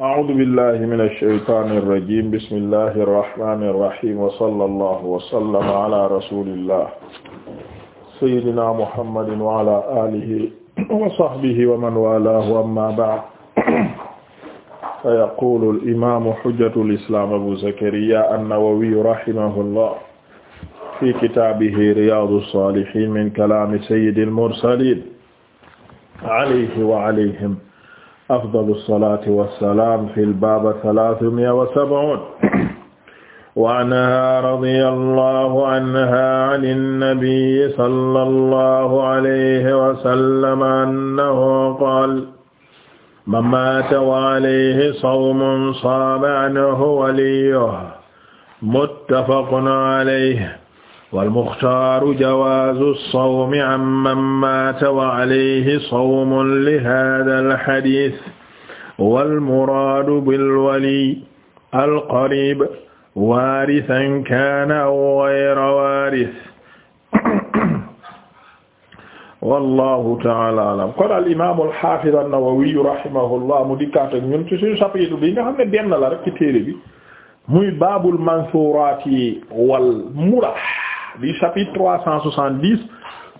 a'uudu billahi mina shaytaani rajiim bismillahi rahmaani rahiim wa sallallahu wa sallama ala rasulillah sayyidina muhammadin wa ala aalihi wa sahbihi wa man walaahu amma ba'd fa yaquulu al-imaamu hujjatu al-islaam abu zakariya an-nawawi rahimahullah fi kitaabihi riyaadu saalihiin min kalaami sayyidi al-mursaliin alayhi wa alayhim afdalu salaati wa salaam fil baaba salaasumiya wa sab'uun wa anhaa radiyallaahu anhaa ani nabiyyi sallallaahu alayhi wa sallam annahu qaala man maata wa alayhi sawmun saama anhu waliyyuhu muttafaqun alayhi walmuxtaaru jawaazu sawmi amman maata wa alayhi sawmun li haadal xadiis walmuraadu bilwali alqariib waarisan kaana aw gayra waaris. wallaahu ta'aala a'lam. kon al imaam al xaafiz an-Nawawi rahimahullah mu dikkaat ak ñun ci suñu chapitre bi nga xam ne benn la rek ci téere bi muy baabul mansuuraati wal murah. di chapitre trois cent soixante-dix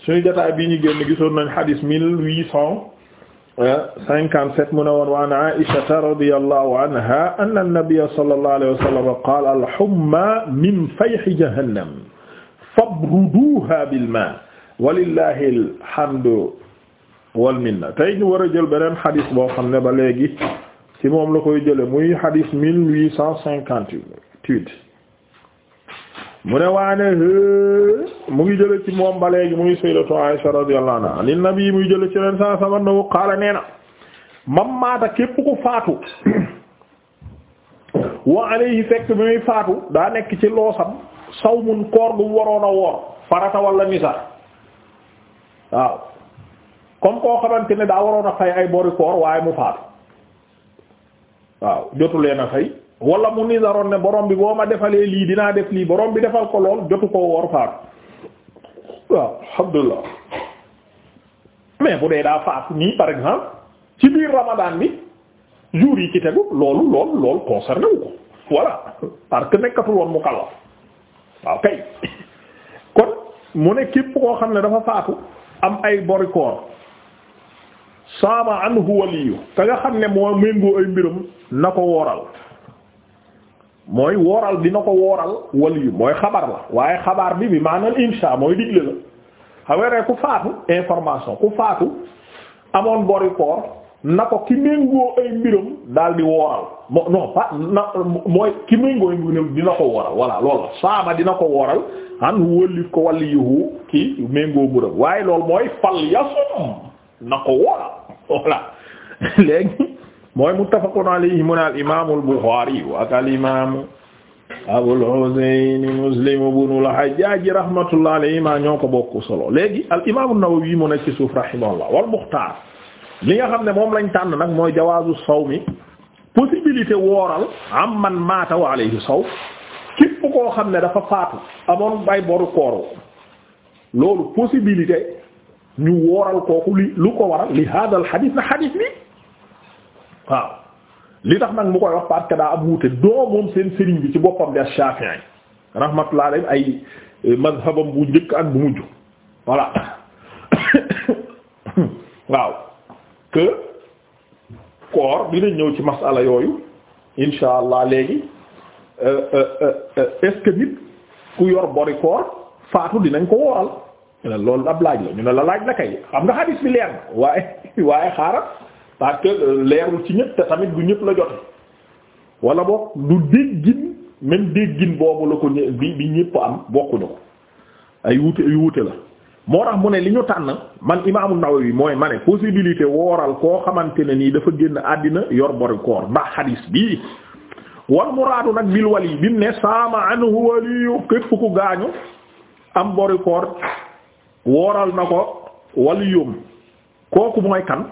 suñu jotaay bi ñu génn gisoon nañ hadis mille huit cent cinquante-sept mu ne woon wa an Aisha radiyallahu anha anna an-nabiyya sallallahu alayhi wa sallam qala al-humma min fayhi jahannam fabruduha bil ma walillahi alhamdu wal minna tey ñu war a jël beneen hadis boo xam ne ba léegi ci moom la koy jële muy hadis mille huit cent cinquante-huit mu ne waane mu ngi jële ci moom ba léegi muy sayyidatu Aisha radiyallahu anha ni nabi muy jële ci leen saa sama nawu qaala nee na mam maata képp ku faatu wa alayhi fekk bi muy faatu daa nekk ci saw sawmun koor gu waroon a woor farata wala nisar waaw comme koo xamante ne daa waroon a fay ay bori koor waaye mu faatu waaw jotu leen a fay wala mu nisaroon ne borom bi boo ma defalee lii dinaa def lii borom bi defal ko lool jotu koo woor faatu waaw alhamdulillah mais bu dee daa faatu nii par exemple ci biir ramadan bi jours yi ci tegu loolu loolu loolu concerné ko voilà parce que nekkatul woon mu kàlla waaw kay kon mu ne képp koo xam ne dafa faatu am ay borikoor saama anhu waliyu ka nga xam ne moo méngoo ay mbiram na ko wooral mooy wooral dina ko wooral waliyu mooy xabar la waaye xabaar bi bi maanaam insha mooy digle la xaweeree ku faatu information ku faatu amoon bori koor na ko ki méngoo ay mbiram daal di wooral mo non pas na mooy ki méngoo ay mbiram dina ko wooral voilà loolu la dina ko wooral an wëllif ko waliyuhu ki méngoo mbiram waaye loolu mooy fal yasum na ko wooral voilà léegi mooy muttafaqun alayhi mu ne al imaamu al Buxaari ak al imaamu Abul Husayn Muslim ibnul Hajjaaj rahmatullahi alayhi maa ñoo ko bokk solo léegi al imaamu Nawawi mu ci suuf rahimahullah wal Muxtaar li nga xam ne moom lañ tànn nag mooy jawaazu sawmi possibilité wooral am man maata wa saw képp koo xam ne dafa faatu amoon bay boru koor loolu possibilité ñu wooral kooku li lu ko waral li hada al na hadith bi waaw li tax nag mu koy wax parce que daa am wuute doo moom seen sëriñ bi ci boppam de Shafi'i rahmatullah alayhi ay euh, mazhabam bu njëkk ak bu mujj voilà waaw que koor dina ñëw ci masala yooyu insha allah léegi euh, euh, est-ce que ku yor bori koor faatu dinañ ko wooral loolu ab laaj la ñu ne la laaj la kay xam nga hadith bi leer na waaye waaye xaaral parce que euh, leerul ci ñëpp te tamit du ñëpp la jote wala boog du déggin même déggin boobu la ko bi bi ñëpp am bokkuñu ko ay wute yu wute la moo tax mu ne li ñu tànn man imaamu Nawawi mooy ma ne possibilité wooral koo xamante ne nii dafa génn àddina yor bori koor ndax xadiis bii wal muraadu nag bil wali bi mu ne saama anhu waliyu képp ku gaañu am bori wooral na ko waliyum kooku mooy kan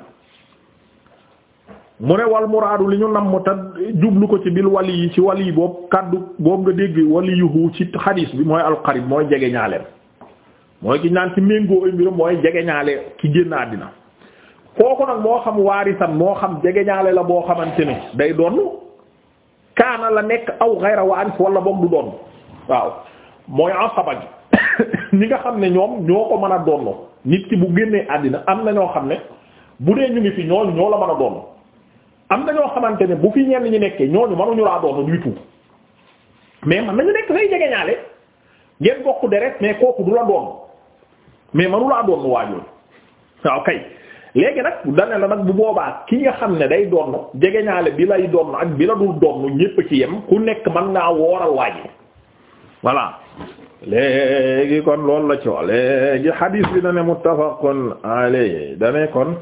mu ne wal muraadu li ñu nam namm te jublu ko ci bil wali yi ci wali yi boobu kàddu boobu nga dégg wali yuhu ci xadiis bi mooy alqarib mooy jege ñaaleem mooy ki naan ci méngoo ay mbiram mooy jege ñaale ki génn àddina kooku nag moo xam waarisan moo xam jege ñaale la boo xamante ne day donn kaana la nekk aw xayra waaris wala boog du donn waaw mooy asaba gi ñi nga xam ne ñoom ñoo ko mën a donn nit ki bu génnee àddina am na ñoo xam ne bu dee ñu ngi fi ñooñu ñoo la mën a donn am na ñoo xamante ne bu fi ñenn ñi nekkee ñooñu mënuñu laa doon du tout mais man nañu nekk say jegeñaale ngeen bokk deret mais kooku du la doon mais manu laa doon waajoon waaw kay léegi nag dane la nag bu boobaa ki nga xam ne day doon jegeñaale bi lay doon ak bi la dul doon ñépp ci yem ku nekk mën ngaa wooral waaji voilà léegi kon loolu la ci wax léegi xadiis bi dane muttafaqun alayhi dane kon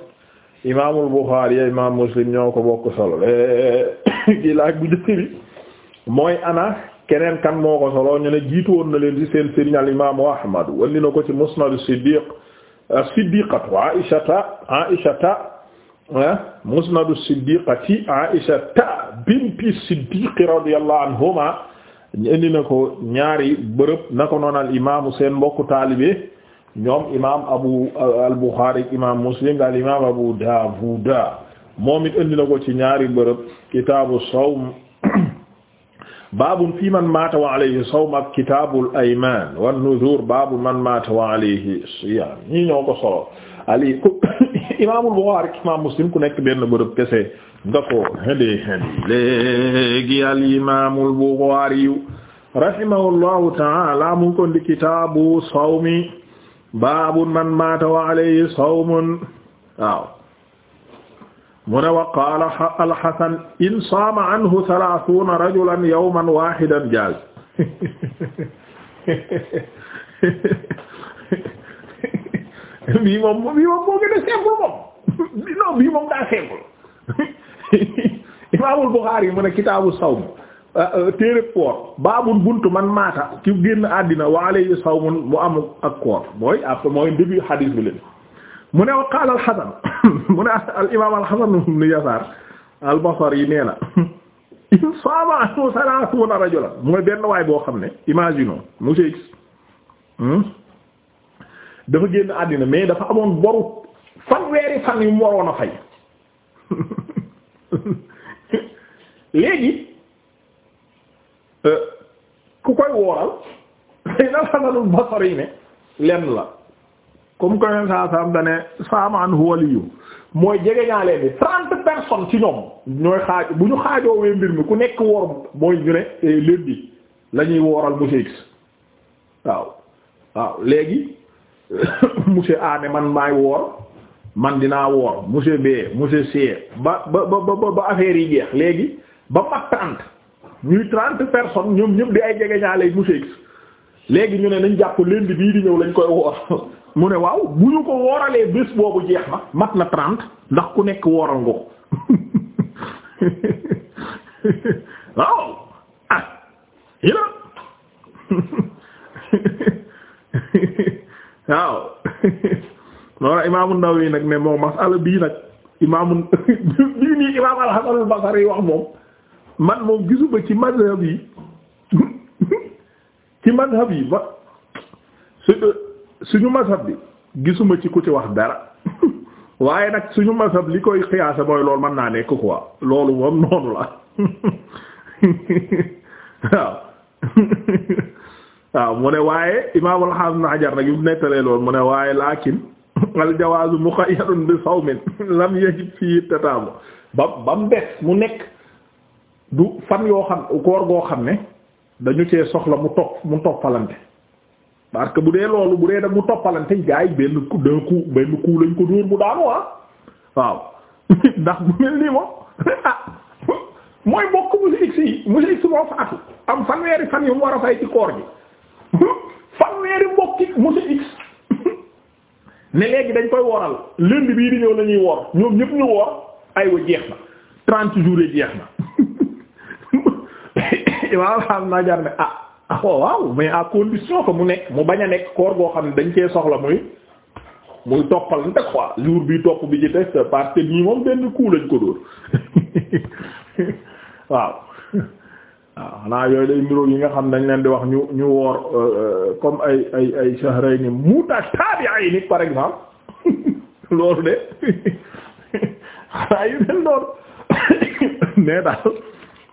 imaamul Buxaari ya imaam Muslim ñoo ko bokk solo eh, kii laaj bu njëkk bi mooy ana keneen kan moo ko solo ñu ne jiitu woon na leen ci seen sëriñ al imaamu Ahmad wandi ko ci Musnad Siddiq Siddiqatu Aïshata Aïshata eh, Musnad Siddiqati Aïshata binti Siddiq anhuma indi ko ñaari bërëb na ko noon al imaamu seen mbokku taalibe ñoom imaam abu al imaam Muslim daal imaam Abu Dawud moom it indi na ci ñaari bërëb kitaabu sawm baabun fii man maata wa alayhi sawm ak kitaabul aymaan wan nuzuur baabu man maata wa alayhi siyaam ñii ñoo ko solo ali ku imaamul imaam Muslim ku nekk benn bërëb kese nga ko hedi hedi léegi al imaamul Bukhari rahimahullahu ta'ala mu ngi ndi kitaabu sawmi baabun man maata wa alayhi sawmun waaw mu ne wa qaala alxasan in saama anhu thalaathuuna rajulan yawman waahidan jaaz bii moom bii moom moo gën a simple moom non bii moom daa simple imaamul Buxaari mu ne kitaabu sawm Euh, euh, téere koor baabul buntu man maata ki génn àddina wa saw sawmun mu am ak koor mooy après mooy début hadis bi leen mu ne wa qaala al mu ne al imaam al-Hasan ibn Yasaar al-Basri nee na in saama anhu salaasuuna rajulan mooy benn waay boo xam ne imaginons monsieur X hmm? dafa génn àddina mais dafa amoon boru fanweeri fan yu mu waroon a fay léegi Euh, ku koy wooral lan lenn la comme que leen saa saam dane saamaan waliyu mooy jege ñaa leen bi trente personnes ci ñoom ñooy xaaj bu ñu xaajoowee mbir mi ku nekk woor mooy ñu ne eh, lundi la wooral monsieur X waaw waaw léegi monsieur A ne man maay woor man dinaa woor monsieur B monsieur C ba ba ba ba affaire yi jeex léegi ba mat trente ñuy trente personnes ñoom ñëpp di ay jege ñaale monsieur X léegi ñu ne nañ jàpp lundi bii di ñëw lañ koy woor mu ne waaw bu ñu ko wooralee bés boobu jeex na mat na trente ndax ku nekk wooral nga ko waaw ah ila waaw loolu imaamu Nawawi nag ne moom masala bii nag imaamu bii nii imaam al-Hasan al wax moom man moom gisuma ci mazhab yi ci mazhab yi ba su euh, suñu mazhab bi gisuma ci ku ci wax dara waaye nag suñu mazhab li koy xiyaasa mooy loolu man naa nekk quoi loolu moom noonu la waaw waaw mu ne waaye imaam al na Hajar nag yu nettalee loolu mu ne waaye laakin al-jawaazu muqayyadun bi sawmin lam yajib fii tataamu ba ba mu des mu nekk du fan yoo xam koor goo xam ne dañu cee soxla mu topp mu toppalante parce que bu dee loolu bu dee da mu toppalante gaa yi benn coup d'un coup benn coup lañ ko dóor mu daanu ah waaw ndax bu mel nii moom ah mooy bokk mu si x yi mu si x moo faatu am fanweeri fan yu mu war a fay ci koor gi fanweeri mbokki mu si x ne léegi dañ koy woral lundi bii di ñëw lañuy wor ñoom ñëpp ñu wor aywa jeex na trente jours jeex na imaam am naa jar ne ah, ah waaw mais à condition que mu nekk mu bañ a nekk koor goo xam ne dañ cee soxla muy muy toppal nte bi topp bi ci test lañ ko dóor waaw waaw xanaa yooyu day niroo yi nga xam ne dañ leen di wax ñu ñu woor euh, euh, comme ay ay ay shahrayni mutatabi'ayni par exemple loolu de xanaa yu mel noonu mais daal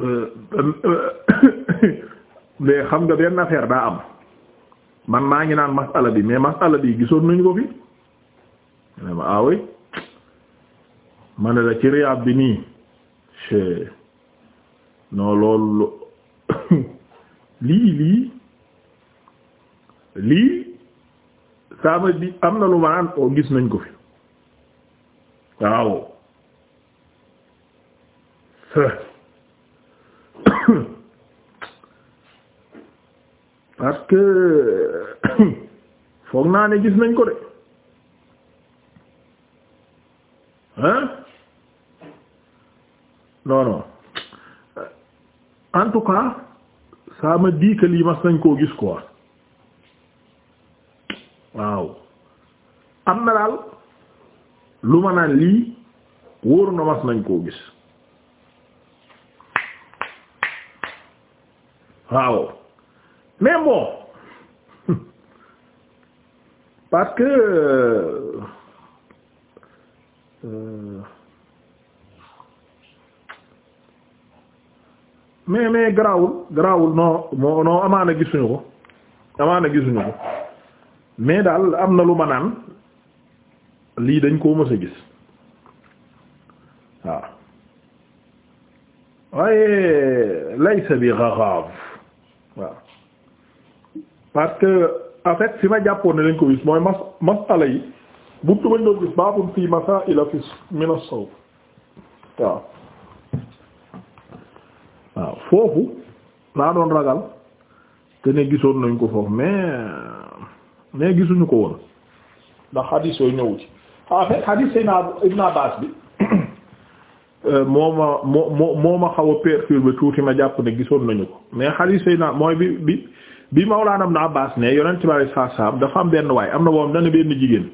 Euh, mais xam nga benn affaire daa am man maa ngi naan masala bi mais masala bi gisoon nañu ko fi ma ah oui la ci riyaab bi nii c'est non loolu lii lii lii ça veut dire am na lu ma naan oo oh, gis nañ ko fi waaw. parce que foog naa ne gis nañ ko de hein non non en tout cas ça me dit lii mas nañ koo gis ko waaw am na daal lu ma naan lii wóoru na mas nañ koo gis waaw mais bon parce que euh, euh, mais mais garaawul garaawul non non amaana gisuñu ko amaana gisuñu ko mais daal am na lu ma naan lii dañ koo mës a gis waaw waaye laysa bi garaab parce que en fait ma jàppoon ne lañ ko gis mooy mas masala yi buntu bañ doon gis baabun fii masaa'ila fi min as-sawm waaw waaw foofu laa doon ragal te ne gisoon nañ ko foofu mais mais gisuñu ko woon ndax xadiis yooyu ñëwu ci en fait xadiis sayna Ibn bi euh, moo ma moo moo ma xaw a perturbé tuuti ma jàpp ne gisoon nañu ko mais xadiis sayna mooy bi bi bi Mawlaana Ibn Abbaas ne yonent bi alayhi salaatu salaam dafa am benn waay am na moom dana benn jigéen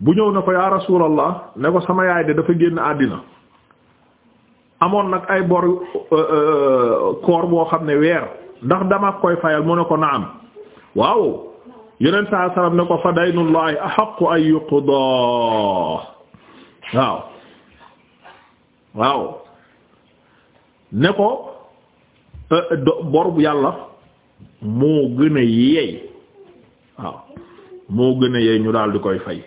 bu ñëw na ko yaa Rasuulallah ne ko sama yaay de dafa génn àddina amoon nag ay bor euh, euh, koor boo xam ne weer ndax dama koy fayal mu ne ko naam waaw yonent saa salaam ne ko fa daynullahi ay an yuqdaa waaw waaw ne ko euh, bor bu yàlla moo gën a yey waaw moo gën a yey ñu daal di koy fay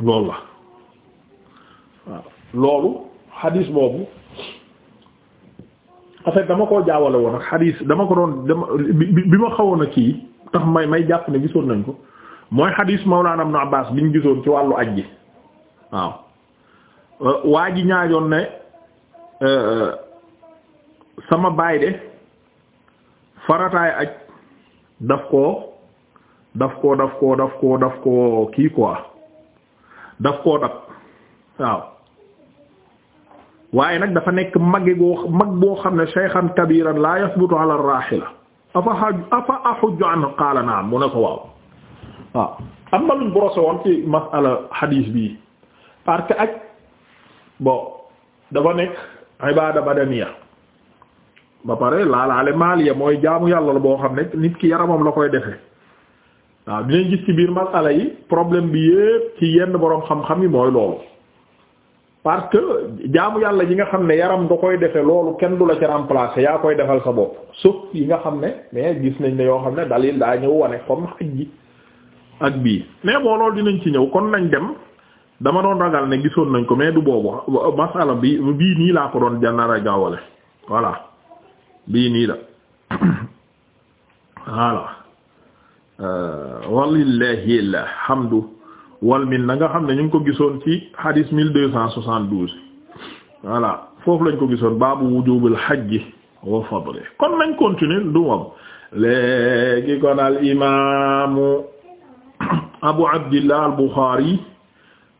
loolu la waaw loolu xadiis boobu en dama koo jaawale woon ak xadiis dama ko doon dama bi ma xawoon a kii tax may may jàpp ne gisoon nañ ko mooy xadiis Mawlana Ibn bi ñu gisoon ci wàllu aj gi waaw euh, waa ji ñaajoon ne euh, sama baay de farataay aj daf koo daf koo daf koo daf koo daf koo kii quoi daf koo dab waaw waaye nag dafa nekk magge goo boo xam ne shaykhan kabiran la yasbutu ala rahila afa afa ahujju an qaala naam mu ne ko waaw waaw am na luñ brosé woon ci masala hadis bii parce aj bon dafa nekk ibada badaniya ba pare laalaale maaliya mooy jaamu yàlla la boo xam ne nit ki yaramam la koy defee waaw dinañ gis ci biir masala yi problème bi yépp ci yenn boroom xam-xam yi mooy loolu parce que jaamu yàlla yi nga xam ne yaram nga koy defe loolu kenn du la ci remplacer yaa koy defal sa bopp su yi nga xam ne mais gis nañ ne yoo xam ne dalil daa ñëw wane comme xaj ji ak bii mais boo loolu dinañ ci ñëw kon nañ dem dama doon ragal ne gisoon nañ ko mais du boobu masala bi bii nii laa ko doon jànnar a bii nii la voilà euh, walillahi alhamdu wal minna nga xam ne ñu ngi ko gisoon ci hadis mille deux cent soixante douze voilà foofu lañ ko gisoon baabu wujubil hajji wa fadli kon nañ continuer du moom léegi kon al imaamu abu abdillah al bukhari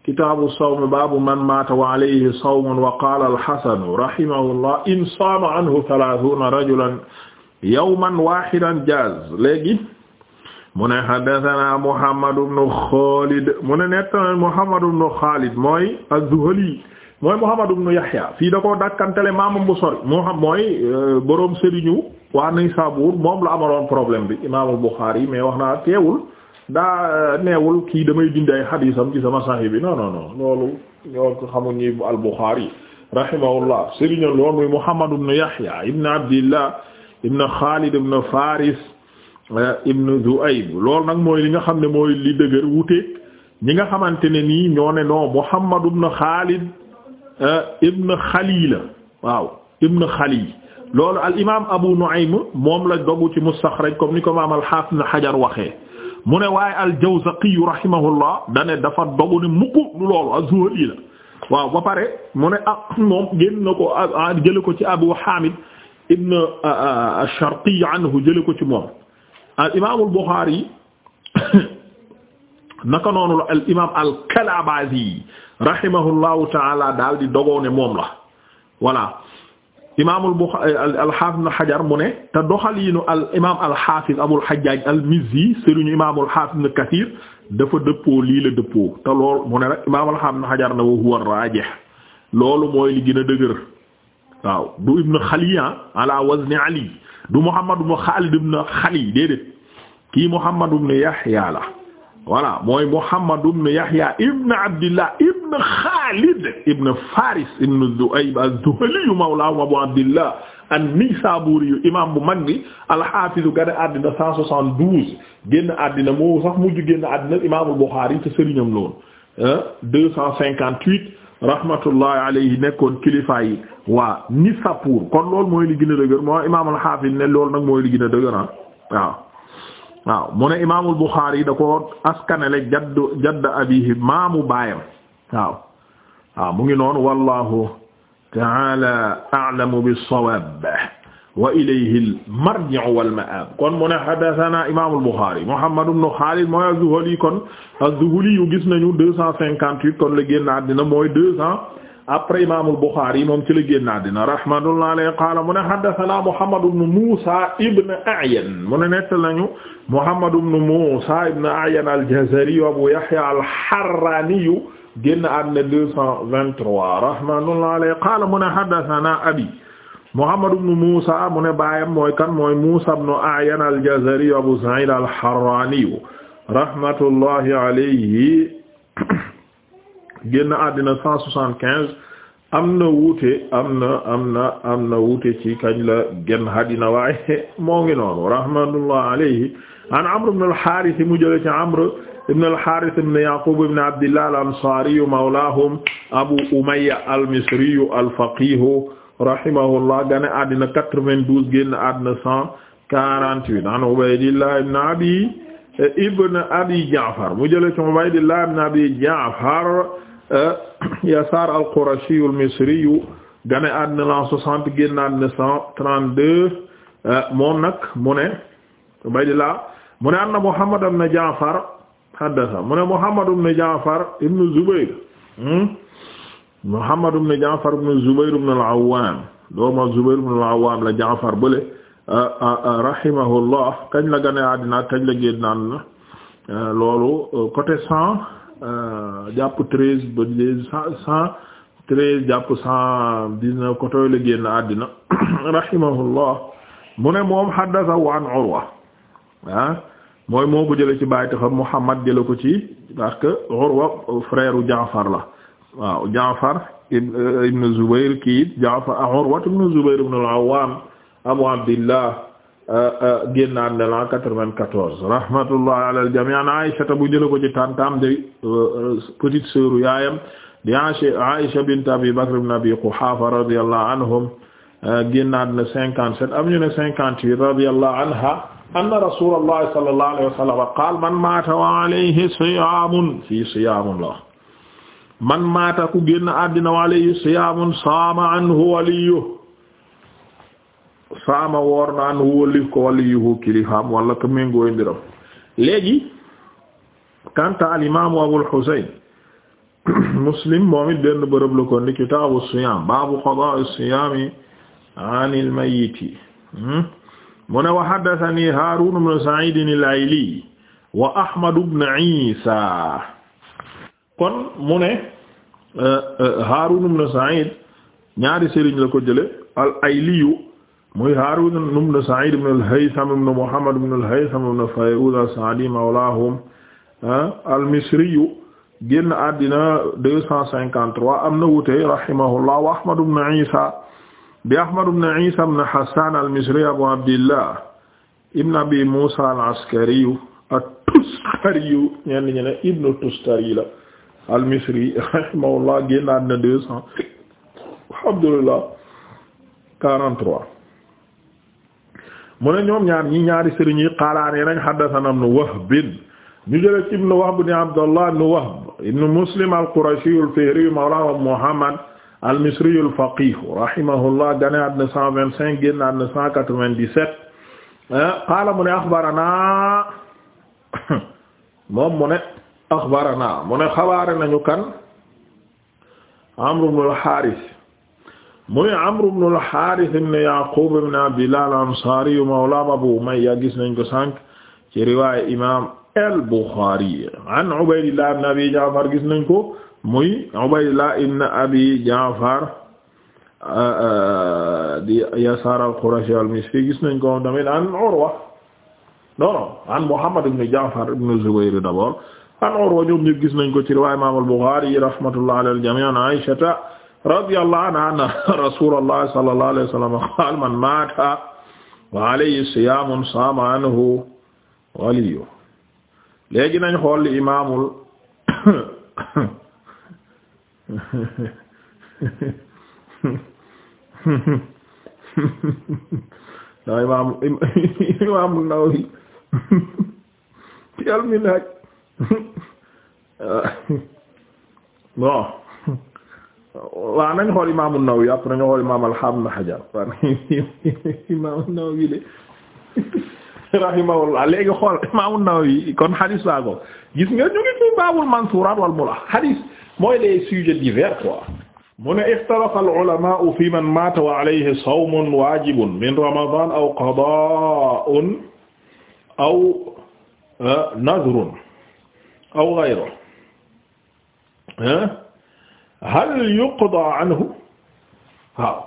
kitaabu sawmi baabu man maata wa alayhi sawmun wa qaala alxasanu rahimahullah in saama anhu talaatuuna rajulan yawman waahidan jaaz léegi mu ne haddasanaa Muhammad ibn Xaalid mu ne nettana Muhammad ibn Xaalid mooy az-Zuhli mooy Muhammad ibn Yahya fii da koo dakkantele maamam bu sori moo xam mooy euh, boroom sëriñu waa Naysaabuur moom la amaloon problème bi Imaamul Buxaari mais wax naa teewul daa euh, neewul kii damay dindi ay xadiisam ci sama bi non non non loolu ñoo ko xamul ñi al-Bukhari rahimahullah sëriñam loolu muy Muhammad ibn Yahya ibn Abdillah ibn Khalid ibn Faris euh, ibn Zu'ayb loolu nag mooy li nga xam ne mooy li dëgër wute ñi nga xamante ne nii ñoo ne non Muhammad ibn Khalid euh, ibn Khalil waaw ibn Khalil loolu al imaam Abu Nu'aym moom la dogu ci mustaxraj comme ni ko maam al na xajar waxee mu ne waaye al-Jawzaqi dane dafa dogu ne mukk lu loolu az-Zuhri la waaw ba pare mu ne ak ah ko ci Abu Hamid ibn ash-Sharqi anhu jële ko ci moom al imaam al-Bukhari naka noonu la al imaam al daal di dogoo ne moom la voilà imaamul Buxaari al-Haafiz Ibn Hajar mu ne te doxaliinu al imaam al-Haafiz Abul al-Mizzi sëriñu imaamul Haafiz Ibn Kasiir dafa dëppoo lii la dëppoo te loolu mu ne nag imaamul Haafiz Ibn Hajar ne wa huwa raajih loolu mooy li gën a dëgër waaw du Ibn Xali ah, ala wazni Ali du Muhammad ibn Xaalid ibn Xali déedéet kii Muhammad Yahya la voilà mooy Muhammad ibn Yahya ibn Abdillah ibn Khalid ibn Faris ibn Du'ayb az-Zuhli mawlaahu Abu Abdillah an-Nisaburi imam bu mag bi al-Hafiz gane àddina 172 génn àddina moo sax mujj génn àddina imaamul Bukhari te sëriñam la woon ah 258 rahmatullahi alayhi nekkoon kilifa yi waa Nisapur kon loolu mooy li gën a dëgër moo imaam al-Hafiz ne loolu nag mooy li gën a dëgër ah waaw. waaw mu ne imaamul Buxaari da ko askanale jadd jadd abihi maamu baayam waaw waaw mu ngi noonu wallahu ta'ala a'lamu bis-sawaab wa ilayhi al-marji'u wal-ma'aab kon mu ne haddasanaa imaamul Buxaari Muhammad ibn Xaalid mooy az-Zuhli kon az-Zuhli yu gis nañu deux cent cinquante-huit kon la génn àddina mooy deux cent après imaamul Buxaari moom ci la génn àddina rahmatullah alayhi qaala mu ne haddathana Muhammad ibn Muusa ibn A'yan mu ne nett nañu Muhammad ibn Muusa ibn A'yan al-Jazari Abu Yahya al-Harrani génn àddina 223 rahmatullah alayhi qaala mu ne haddathana abi Muhammad ibn Muusa mu ne baayam mooy kan mooy Muusa ibn A'yan al-Jazari Abu Sa'id al-Harrani rahmatullahi alayhi génn àddina cent soixante quinze am na wuute am na am na am na wuute ci kañ la génn àddina waaye moo ngi noonu rahmatullah alayhi an amr ibn al-Harith mu jële ci amr ibn al-Harith ibn Yaqub ibn Abdillah al-Ansari mawlahum Abu Umayya al-Misri al-faqih rahimahullah génn àddina quatre-vingt-douze génn àddina cent quarante-huit an Ubaydillah ibn Abi ibn Abi Ja'far mu jële ci Ubaydillah ibn Abi Ja'far Euh, Yasaar al-Qurashi al-Misri gane àddina la 60 génn àddina 132 euh, moom nag mu ne Ubaydillah mu ne anna Muhammad ibn Ja'far haddasa mu ne Muhammad ibn Ja'far ibn Zubayr hmm? Muhammad ibn Ja'far ibn Zubayr ibn al-Awwam dooma Zubayr ibn al la Ja'far bële euh, rahimahullah kañ la gane àddina kañ la génn àddina loolu côté 100 Euh, jàpp treize ba cent cent treize jàpp cent dix-neuf kotoy la génn àddina rahimahullah mu ne moom haddathahu an Urwa ah mooy moo ko jële ci bàyyi taxam Muhammad jële ko ci parce que Urwa frère Jaafar la waaw Jaafar euh, ibn Zubayr kii Jaafar Urwa ibn Zubayr ibn al-Awwam Abu Abdillah génnaat ne la 94 rahmatullah ala al jami' an Aisha bu jëla ko ci tantam de euh, petite sœur yaayam di Aisha bint Abi Bakr ibn Abi Quhafa radiyallahu anhum euh, génnaat ne 57 am ñu ne 58 radiyallahu anha anna rasulullah sallallahu alayhi wa sallam qaal man maata wa alayhi siyaamun fii siyaamun la man maata ku génn àddina wa alayhi siyaamun saama anhu waliyyu saama woor na an wóolif ko waliyuhu kilifaam wala ko méngooy mbiram léegi kanta al imaamu abul xuseyn muslim moom it benn la ko ni kitaabu siyaam baabu qadaa siyaami an il mayiti hmm? mu ne wa haarun ibn sa'id ayli wa ahmad ibn isa kon mu eh, eh, haarun ibn sa'id ñaari sëriñ la ko jële al ayliyu muy Haarun ibn Sa'iid ibn al-Haytham ibn Muhammad ibn al-Haytham ibn Fayruz as-Sa'di mawlaahum ah, al-Misri génn àddina deux cent cinquante-trois am na wute rahimahullah wa Ahmad ibn Isa bi Ahmad ibn Isa ibn Hassan al-Misri Abu Abdillah ibn Abi Musa al-Askari at-Tustari ñenn ñi ne ibn Tustari la al-Misri rahimahullah génn àddina deux cent alhamdulillah quarante-trois mu ne ñoom ñaar ñi ñaari sëriñ yi qaalaane nañ haddathana ibn Wahb ñu jële ci ibn Wahb ibn Abdullah ibn Wahb ibn Muslim al-Qurashi al-Fihri Muhammad al-Misri rahimahullah gane àddina 125 génn àddina 197 eh, qaala mu ne akhbarana moom mu akhbarana mu ne xabaare nañu kan Amr ibn al muy Amr ibn al-Harith ibn Yaqub ibn Abdillah al-Ansari mawla Abu Umayya gis nañ ko sànq ci riwaaya imaam al-Bukhari an Ubaydillah ibn Abi Ja'far gis nañ ko muy Ubaydillah ibn Abi Ja'far di Yasar al-Qurashi al-Misri gis nañ ko tamit an Urwa non non an Muhammad ibn Ja'far ibn Zubayr d'abord an Urwa ñoom ñëpp gis nañ ko ci riwaaya imaam al-Bukhari rahmatullah ala al-jami' an Aisha radiyallahu anha anna rasulullah sallallahu alayhi wa sallam qaala man maata wa alayhi siyaamun saama anhu waliyyu léegi nañ xool li imaamul da imaam imaam Nawawi ci al-Minhaaj bon waaw nañ xool imaam an-Nawawi après nañu xool imaam al-Hafiz Ibn Hajar par imaam an-Nawawi de rahimahullah léegi xool imaam an-Nawawi kon hadis laa ko gis nga ñu ngi ci baabul mansuuraat wal mulah hadis mooy les sujets divers quoi mu ne ixtalafa al-ulamaa'u fi man maata wa alayhi sawmun waajibun min ramadaan aw qadaa'un aw eh, nadrun aw ghayruhu eh? hal yuqda anhu waaw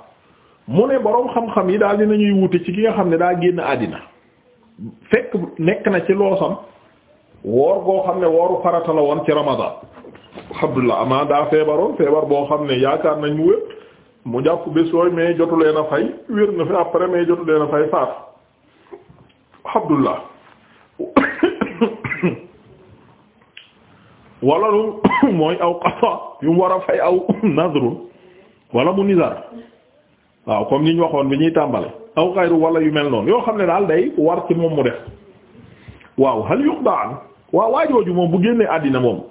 mu ne boroom xam-xam yi daal dinañuy wute ci ki nga xam ne daa génn àddina fekk nekk na ci loosam woor goo xam ne wooru farata la woon ci ramadan alhamdulillah amaa daa feebaroon feebar boo xam ne yaakaar nañ mu wér mu jàpp bés yooyu mais jotu leen a fay wér na fi après mais jotu leen fay faat alhamdulillah wala lu mooy aw qada yu mu war a fay aw nadru wala mu nizar waaw comme ni waxoon bi ñuy tàmbale aw xayru wala yu mel noonu yoo xam ne daal day war ci moom mu def waaw hal yuqda an waaw waajooju moom bu génnee àddina moom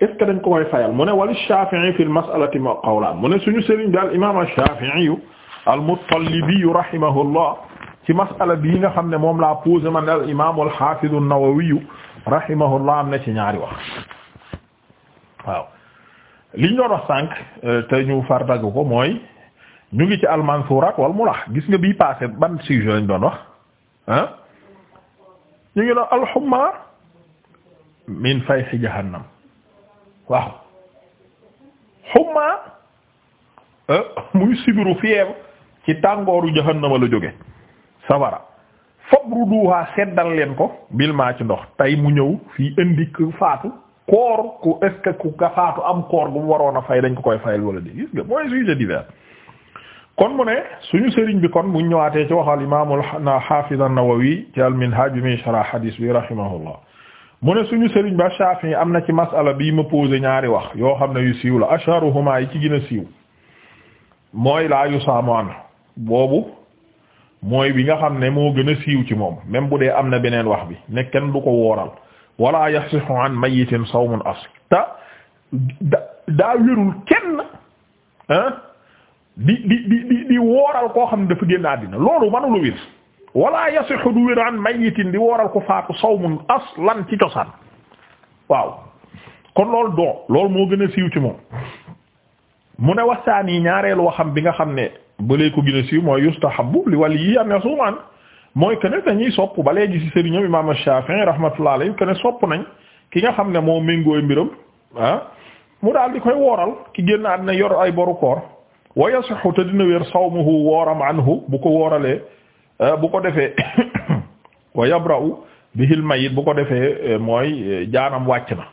est-ce que dañ ko koy fayal mu ne wali Shafi'i fi al-mas'alati qawlan mu ne suñu sëriñ daal al Shafi'i al-Muttalibi rahimahullah ci mas'ala bii nga xam ne moom laa posé man al imaam al-Hafiz an-Nawawi am na ci ñaari wax waaw liñ doon wax sànq euh, te ñu far dagg ko mooy ñu ngi ci almansuuraat wal mulaax gis nga bi passé ban sujet lañ doon wax ñu ngi doon alxumma min fayhi jahannam waaw xumma euh, muy sibiru fièvre ci tàngooru jahannama la jóge sawara fabruduha seddal leen ko bil ci ndox tey mu ñëw fii indi faatu koor ku est ku gafaatu am koor bu mu waroon a fay dañ ko koy fayal wala di gis nga mooy sujet divers kon mu ne suñu sëriñ bi kon buñ ñëwaatee ci waxal imaamul na xaafiz an-Nawawi ci al-Minhaj bi muy sharh hadis bi rahimahullah mu ne suñu sëriñ ba Shafi'i am na ci masala bii ma posé ñaari wax yoo xam ne yu siiw la asharuhuma yi ci gën a siiw mooy laa yu saamoan boobu mooy bi nga xam ne moo gën a siiw ci moom même bu dee am na beneen wax bi ne kenn du ko wooral wala yasihu an mayitin sawmun asl te daa wérul kenn di di di di wooral koo xam ne dafa génn àddina loolu manula wér wala yasihu du wér an mayitin di wooral ko faatu sawmun aslan ci cosaan waaw kon loolu doo loolu moo gën a ci moom mu ne waxtaan yi ñaareelu waxam bi nga xam ne ba léegi ko gën a siiw li waliyi an yasuman mooy que ne dañuy sopp ba léegi ci sëriñam imam Shafi'i rahmatullah alayhi que ne sopp nañ ki nga xam ne moo méngooy mbiram ah mu daal di koy wooral ki génn na yor ay boru koor wa yasihu te dina wér sawmuhu wooram anhu bu ko wooralee eh, bu ko defee wa yabra'u bihil mayit bu ko defee eh, mooy eh, jaanam wàcc na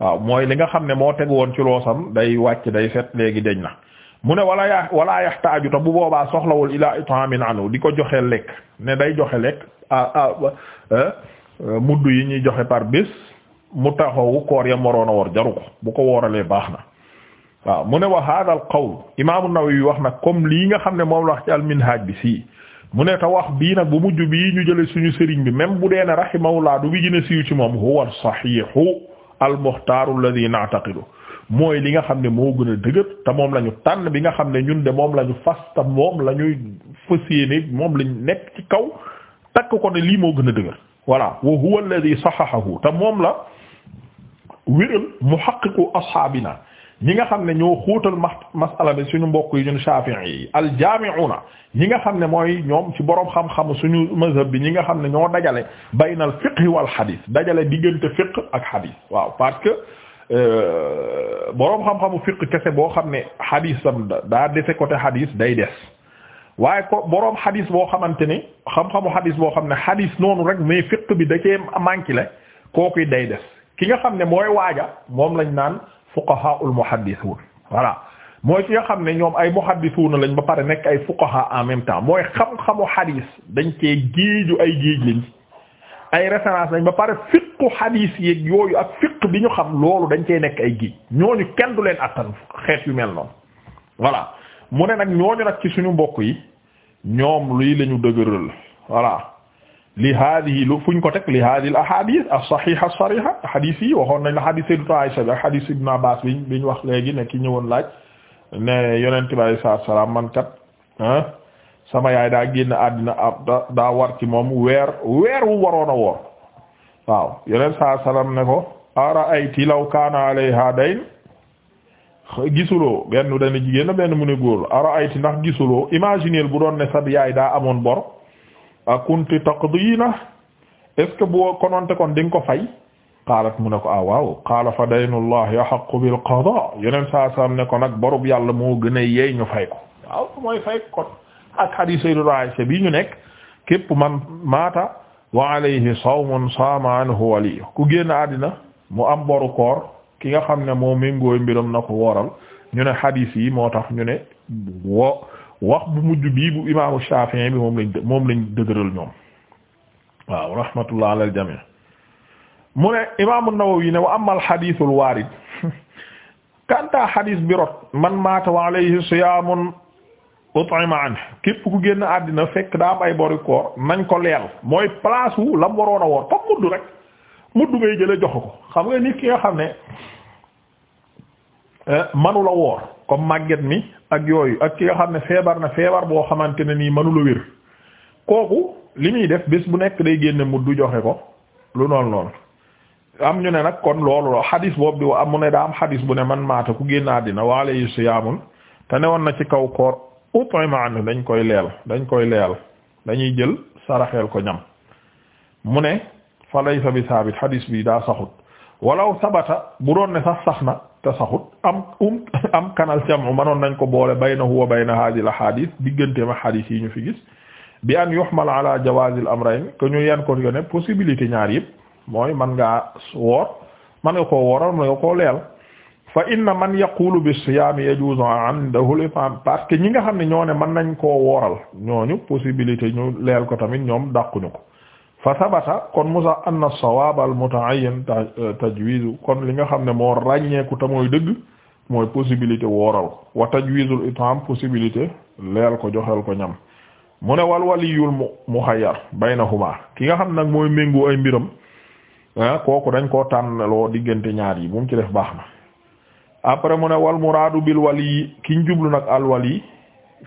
waaw mooy li nga xam ne moo teg woon ci loosam day wàcc day set léegi deñ na mu ne wala ya wala yaxtaaju ta bu boobaa soxlawul ila itaamin anu di ko joxe lekk ne day joxe lekk a mudd yi ñuy joxe par bés mu taxawu koor yam waroon a war jaru ko bu ko wooralee baax na waaw mu ne wa hada al qawl imaamu Nawawi wax na comme lii nga xam ne moom la wax ci bi sii mu ne te wax bii nag bu mujj bii ñu jële suñu sëriñ bi même bu dee ne rahimahullah du bi gën a siiw ci moom huwa al sahihu al muxtaaru alladi na'taqidu mooy li nga xam ne moo gën a dëgër te moom la ñu tànn bi nga xam ne ñun de moom la ñu fas te moom la ñuy fas moom lañu nekk ci kaw takk ko ne lii moo gën a dëgër voilà wa huwa alladhi sahahahu te moom la wéral muhaqqiqu ashaabina ñi nga xam ne ñoo xóotal ma masala bi suñu mbokk yi ñun Shafi'i yi aljaami'una ñi nga xam ne mooy ñoom ci boroom xam-xamu suñu mazhab bi ñi nga xam ne ñoo dajale baynal fiqh wal hadith dajale diggante fiqh ak hadith Euh, boroom xam-xamu fiq kese boo xam ne xadisam daa dese côté xadis day des waaye ko boroom xadis boo xamante ni xam-xamu xadis boo xam ne xadis noonu rek mais fiq bi da cee manqué le kooku day des ki nga xam ne mooy waaja moom lañ naan fuqahaul muhaddisuun voilà mooy ki nga xam ne ñoom ay muhaddisuuna lañ ba pare nekk ay fuqaha en même temps mooy xam-xamu xadis dañ cee géeju ay géej lañ. ay référence ba pare fiqu xadiis yooyu ak fiq bi ñu xam loolu dañ cey nekk ay géej ñooñu kenn du leen attan xeet yu mel noonu voilà mu ne nag ñooñu nag ci suñu mbokk yi ñoom luy lañu dëgëral voilà li hadihi lu fuñ ko teg li hadihi al ahadith as-sahiha as-sariha hadith yi waxoon nañ la hadith Sayyidatu Aisha bi ak hadith Ibn Abbas bi ñu wax léegi ne ki ñëwoon laaj ne yonent bi sallallahu alayhi wasallam man kat sama yaay daa génn àddina ab da daa war ci moom weer weer wu waroon a woor waaw yeneen saa salaam ne ko ara'ayti law kaana alayha dayn gisuloo benn dana jigéen benn mu ne góor ara'ayti ndax gisuloo imagineel bu doon ne sa yaay daa amoon bor a kunti taqdiina est ce que boo kononte kon ding ko fay qaalat mu ne ko ah waaw qaala fa daynullahi ahaqqu bil qadaa yeneen saa salaam ne ko nag borub yàlla moo gën a yeey ñu ko waaw mooy fay ko. ak hadith Sayyidatu Aisha bi ñu nekk képp man maata wa alayhi sawmun saama anhu wali ku génn àddina mu am boru koor ki nga xam ne moo méngooy mbiram na ko wooral ñu ne hadith yi moo tax ñu ne wax bu mujj bii bu imaamu Shafi'i bi moom lañ moom lañ dëgëral ñoom waaw rahmatullah ala al mu ne imaamu Nawawi ne wa amma al hadithul waarid kanta hadith bi man maata wa alayhi siyaamun utima an képp ku génn àddina fekk daa am ay bori koor nañ ko leel mooy palaasu wu lam waroon a woor comme mudd rek mudd ngay jële jox ko xam nga nit ki nga xam ne eh, manula woor comme màgget mi ak yooyu ak ki nga xam ne feebar na feebar boo xamante ne nii manula wér kooku li muy def bis bu nekk day génne mudd joxe ko lu noon lool am ñu ne nag kon loolu la xadis boobu di wa am mu ne daa am xadis bu ne man maata ku génn àddina wa alayhi siyaamul te newoon na ci kaw koor utima anhu dañ koy leel dañ koy leel dañuy jël saraxeel ko ñam mu ne fa laysa bi saabit hadis bi daa saxut walaw sabata bu doon ne sax sax na te saxut am um am kanal jamu manoon nañ ko boole baynahu wa bayna hadhihi al ahadith diggante ma hadith yi ñu fi gis bi an yuhmal ala jawaz al amrayn que ñu yan ko ne possibilité ñaar yëpp mooy man ngaa woor man nga koo wooral man nga koo leel fa inna man yaqulu bi siyaam yajuzu andahu lifam parce que ñi nga xam ne ñoo ne mën nañ koo wooral ñooñu possibilité ñu leel ko tamit ñoom dàquñu ko fa sabata kon musa anna sawaab al muta'ayyan euh, tajwizu kon li nga xam ne moo ràññeeku ta mooy dëgg mooy possibilité wooral ko wa tajwizul itam possibilité leel ko joxel ko ñam mu ne wal waliyul mu muxayyar baynahuma ki nga xam nag mooy méngoo ay mbiram ah kooku dañ ko koo tànnaloo diggante ñaar yi bu ci def baax na après mu ne wal muraadu bil wali ki ñu jublu nag al wali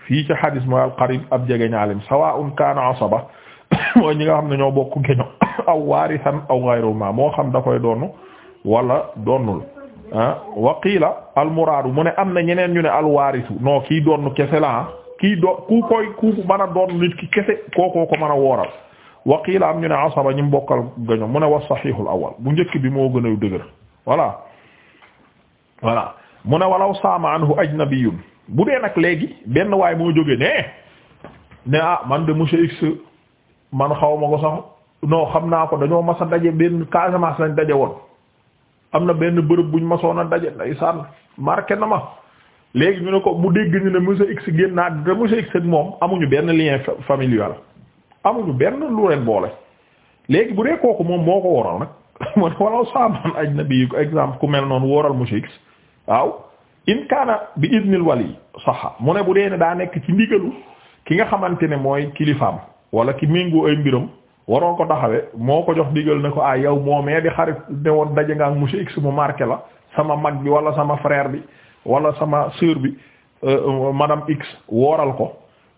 fii ci xadis mooy al qarib ab jege ñaalim sawaa'un kaana asaba mooy ñi nga xam ne ñoo bokk geño aw waarisan aw ghayruhuma moo xam da koy doonu wala doonul ah wa qiila al muraadu mu ne am na ñeneen ñu ne al waarisu non kii doonu kese la ah, kii do ku koy ku mën a doon nit ki kese kookoo ko mën a wooral wa qiila am ñu ne asaba ñi mu bokkal geño mu ne wa saxiixul awal bu njëkk bi moo gën a dëgër voilà. voilà mu ne walaw saama anhu ajnabiyun bu dee nag léegi benn waay moo jóge ne ne ah man de monsieur X man xaw ma ko sax non xam naa ko dañoo mas a daje benn Casamance lañ daje woon am na benn bërëb buñ masoon a daje ndeysaan marke na ma léegi ñu ne ko mu dégg ñu ne monsieur X génn naa te monsieur X ak moom amuñu benn lien familial amuñu benn lu leen boole léegi bu dee kooku moom moo ko waral nag mu ne walaw saama an exemple ku mel noonu waral monsieur X waaw in kaana bi idnil wali saxa mu ne bu dee ne daa nekk ci ndigalu ki nga xamante ne mooy kilifaam wala ki méngoo ay mbiram waroon ko taxawee moo ko jox ndigal ne ko ah yow moomee di xarit ne woon daje nga ak monsieur X mu marqué la sama mag bi wala sama frère bi wala sama sœur bi euh, madame X wooral ko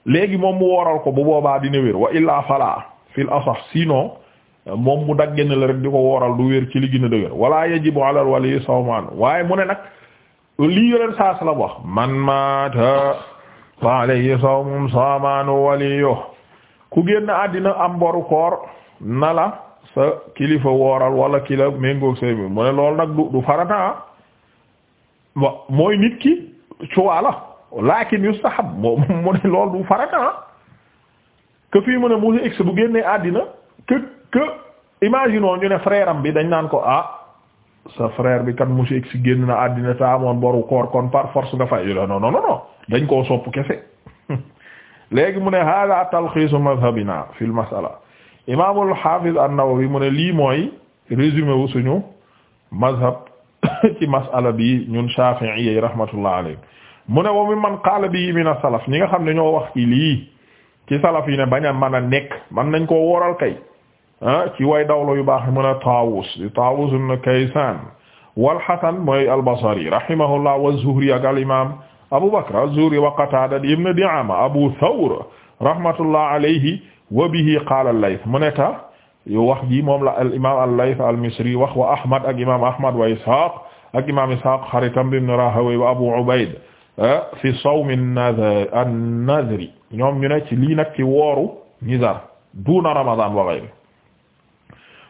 léegi moom mu wooral ko bu boobaa dina wér wa illaa falaa fil asax sinon euh, moom mu dagge na la rek di ko wooral du wér ci li gën a dëgër wala yajibu alal lii yoleen saas man maata fa alayhi sawmum saamaanu waliyo ku génn àddina am boru koor na sa kilifa wooral wala kila méngoog say bi mu ne loolu nag du farata ah. wa mooy nit ki cuwa lakin yustahab moom mu ne loolu du farata ah. que fii mu ne monsieur x bu génnee àddina que que imaginons ñu ne frère bi dañ naan ko ah sa frère bi kat monsieur si génn na àddina ta amoon boru koor kon par force nga fay non non non dañ koo sopp kese léegi mu ne hada talxiisu madhabina fil masala imaamul hafiz an-Nawawi mu ne lii mooy résumé wu suñu mazhab ci masala bi ñun Shafi'i yi rahmatullah alayhi mu ne wa mi man qaala bi min as-salaf ñi nga xam ne ñoo wax ci lii ci salaf yi ne bañ a mën a nekk man nañ koo wooral kay Ah ci way dawlo yu baax mu ne Taawus di Taawus ibn Kaysaan wal Hasan mooy al-Basri rahimahullah wa Zuhri ak al-imaam Abu Bakr az-Zuhri wa Qataada ibn Di'aama Abu Thawr rahmatullah alayhi wa bihi qaala al-Layth mu ne ta yo wax ji moom la al-imaam al-Layth al-Misri wax wa Ahmad ak imaam Ahmad wa Ishaaq ak imaam Ishaaq xaritam ibn Rahawayh wa Abu Ubayd ah fi sawmi an-nadri ñoom ñu ne ci lii nag ci wooru nizar duuna Ramadan wa ghayrihi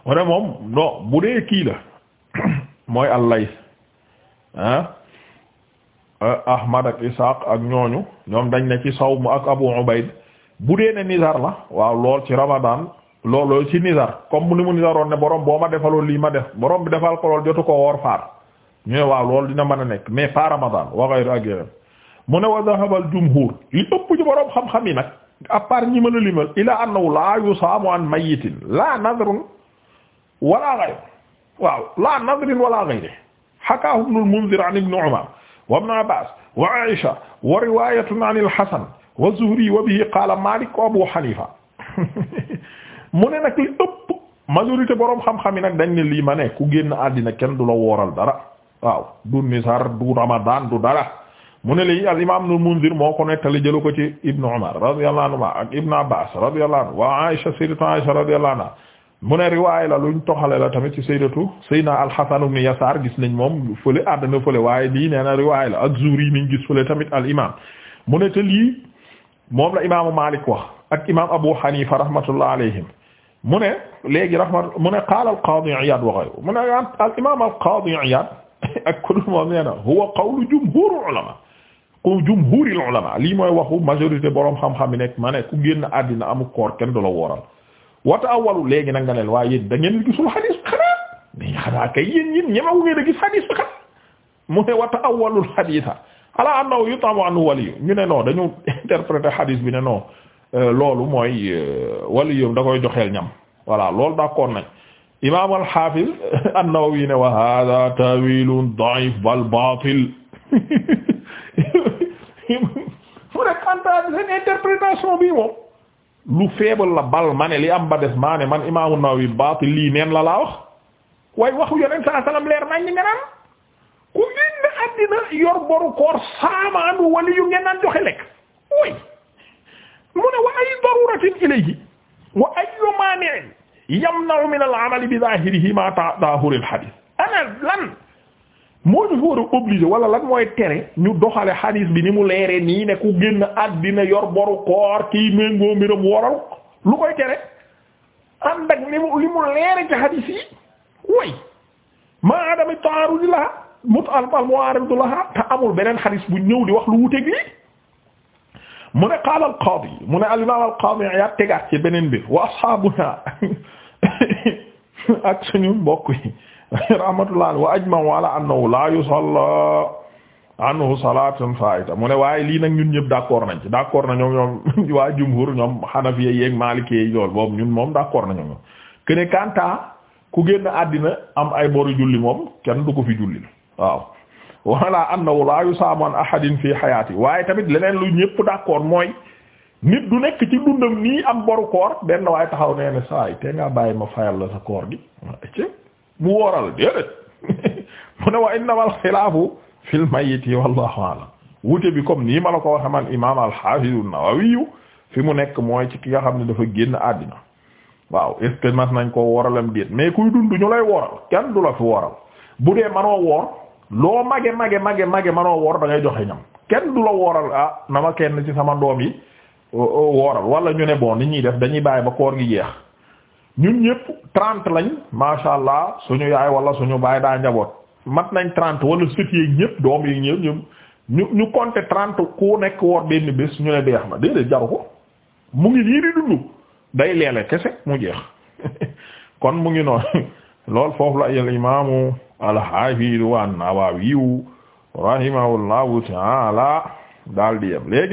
mu moom non bu dee kii la mooy allay ah, ah ahmad ak ishaq ak ñooñu ñoom dañ ne ci sawm ak abu ubayd bu dee ne nizar la waaw lool ci ramadan looloo ci nizar comme ni mu nizaroon ne borom boo ma defaloon lii ma def borom bi defal ko lool jotu ko woor faar ñu ne waaw loolu dina mën a nekk mais pas ramadan wa ghayru ak yeneen mu ne wa dhahaba al jumhur li ëpp ci borom xam-xam yi nag à part ñi mën a limal ila annahu la yusaamu an mayitin la nadrun wala ghayr waaw la nadrin wala ghayr hakahu ibn al-Munzir an ibn Umar wa ibn Abbas wa Aisha wa riwayatun an al-Hasan wa Zuhri wa bihi qala Malik wa Abu Hanifa mu ne nag li ëpp majorité boroom xam-xam yi nag dañ ne lii ma ne ku génn àddina kenn du la wooral dara waaw du nisar du ramadan du dara mu ne lii al imam al Munzir moo ko nettali jëlu ko ci ibnu Umar radiyallahu anhu ak ibnu Abbas radiyallahu anhu wa Aisha sayyidatu Aisha radiyallahu anha mu ne riwaay la luñ toxale la tamit ci sayyidatu sayyidina al-Hasan ibn Yasaar gis nañ moom fële àddina fële waaye lii nee na riwaay la ak Zuhri mi ngi gis fële tamit al imaam mu ne te lii moom la imaamu Maalik wax ak imaam Abu Hanifa rahmatullah alayhim mu ne léegi rahmat mu ne qaala al-Qaadi Iyaad wa ghayruhu mu al imaam al-Qaadi Iyaad ak ku moom nee na huwa qawlu jumhuuril ulamaa ku jumhuuril ulamaa lii mooy waxu majorité borom xam-xam yi nekk ne ku génn àddina amul koor kenn du la wooral wata awwalu léegi nag nga ne waaye yéen da ngeen gisul xadiis bi xanaa mais xanaa kay ñemawu ngeen a gis xadiis bi xanaa mu ne wata awwalul xadiisa ala annahu yutamu anhu waliyu ñu ne non dañu xadiis bi ne non euh, loolu mooy euh, waliyu da koy joxeel ñam voilà loolu d'accord nañ imaam al-Hafiz an wa hada tawilun da'if bal bi moom lu feebal la bal ma ne li am ba des maa ne man imaamu Nawawi baatil lii neen la laa wax waaye waxu yoneen saa salaam leer nañ ñu ku génn àddina yor boru koor saamaanu wali yu ngeen naan joxe lekk way mu ne wa ay daruratin ilayhi wa ayyu maani'in yamna'u min al-amali ma ta'ahhuril hadith ana moo ñu a obligé wala lan mooy tere ñu doxale xadiis bi ni mu leeree nii ne ku génn àddina yor boru koor kii méngoo mbiram waral lu koy tere ànd ak li mu li mu leere ci xadiis yi way maa adami taaru di la mut alpal moo aramtu la te amul beneen xadiis bu ñëw di wax lu wuteeg lii mu ne qaala al qaadi mu ne al al qaadi yaa tegaat ci beneen bi wa ashaabuna ak suñu mbokk yi rahmatullah wa ajma'u ala annahu la yusalla anhu salatun fa'ita mu waaye lii nag ñun ñëpp d'accord nañ ci d'accord na waa jumhur ñoom xanafiya yeeg maaliki yi lool boobu ñun moom na ñoom que ne ku génn àddina am ay boru julli kenn du ko fi julli waaw wala annahu la yusamu waaye tamit leneen lu ñëpp d'accord mooy nit du nekk ci dundam nii am boru koor benn waaye taxaw nee ne saay te ngaa bàyyi ma fayal la sa koor gi mu wooral déedéet mu ne wa innamal xilaafu fil mayyiti wallahu a'lam wute bi comme nii ma la ko waxe man imam al-Hafiz na nawawi fi mu nekk mooy ci ki nga xam ne dafa génn àddina waaw est mas nañ ko wooralam déet mais kuy dund ñu lay wooral kenn du la fi wooral bu dee manoo woor loo mage mage mage mage manoo woor da joxe ñam kenn du la wooral ah na ma kenn ci sama doom yi wooral wala ñu ne bon nit ñuy def dañuy bàyyi ba koor gi jeex ñun ñëpp trente lañ masha allah suñu yaay wala suñu baay daa njaboot mat nañ trente wala sët yeeg ñëpp doom yi ñëpp ñu ñu ñu compter ku nekk woor benn bés ñu ne deex na déedéet jaru ko mu ngi nii di dund day leele kese mu jeex kon mu ngi noonu lool foofu la al imaamu al-Haafiz an-Nawawi rahimahullahu ta'ala daal di yem léegi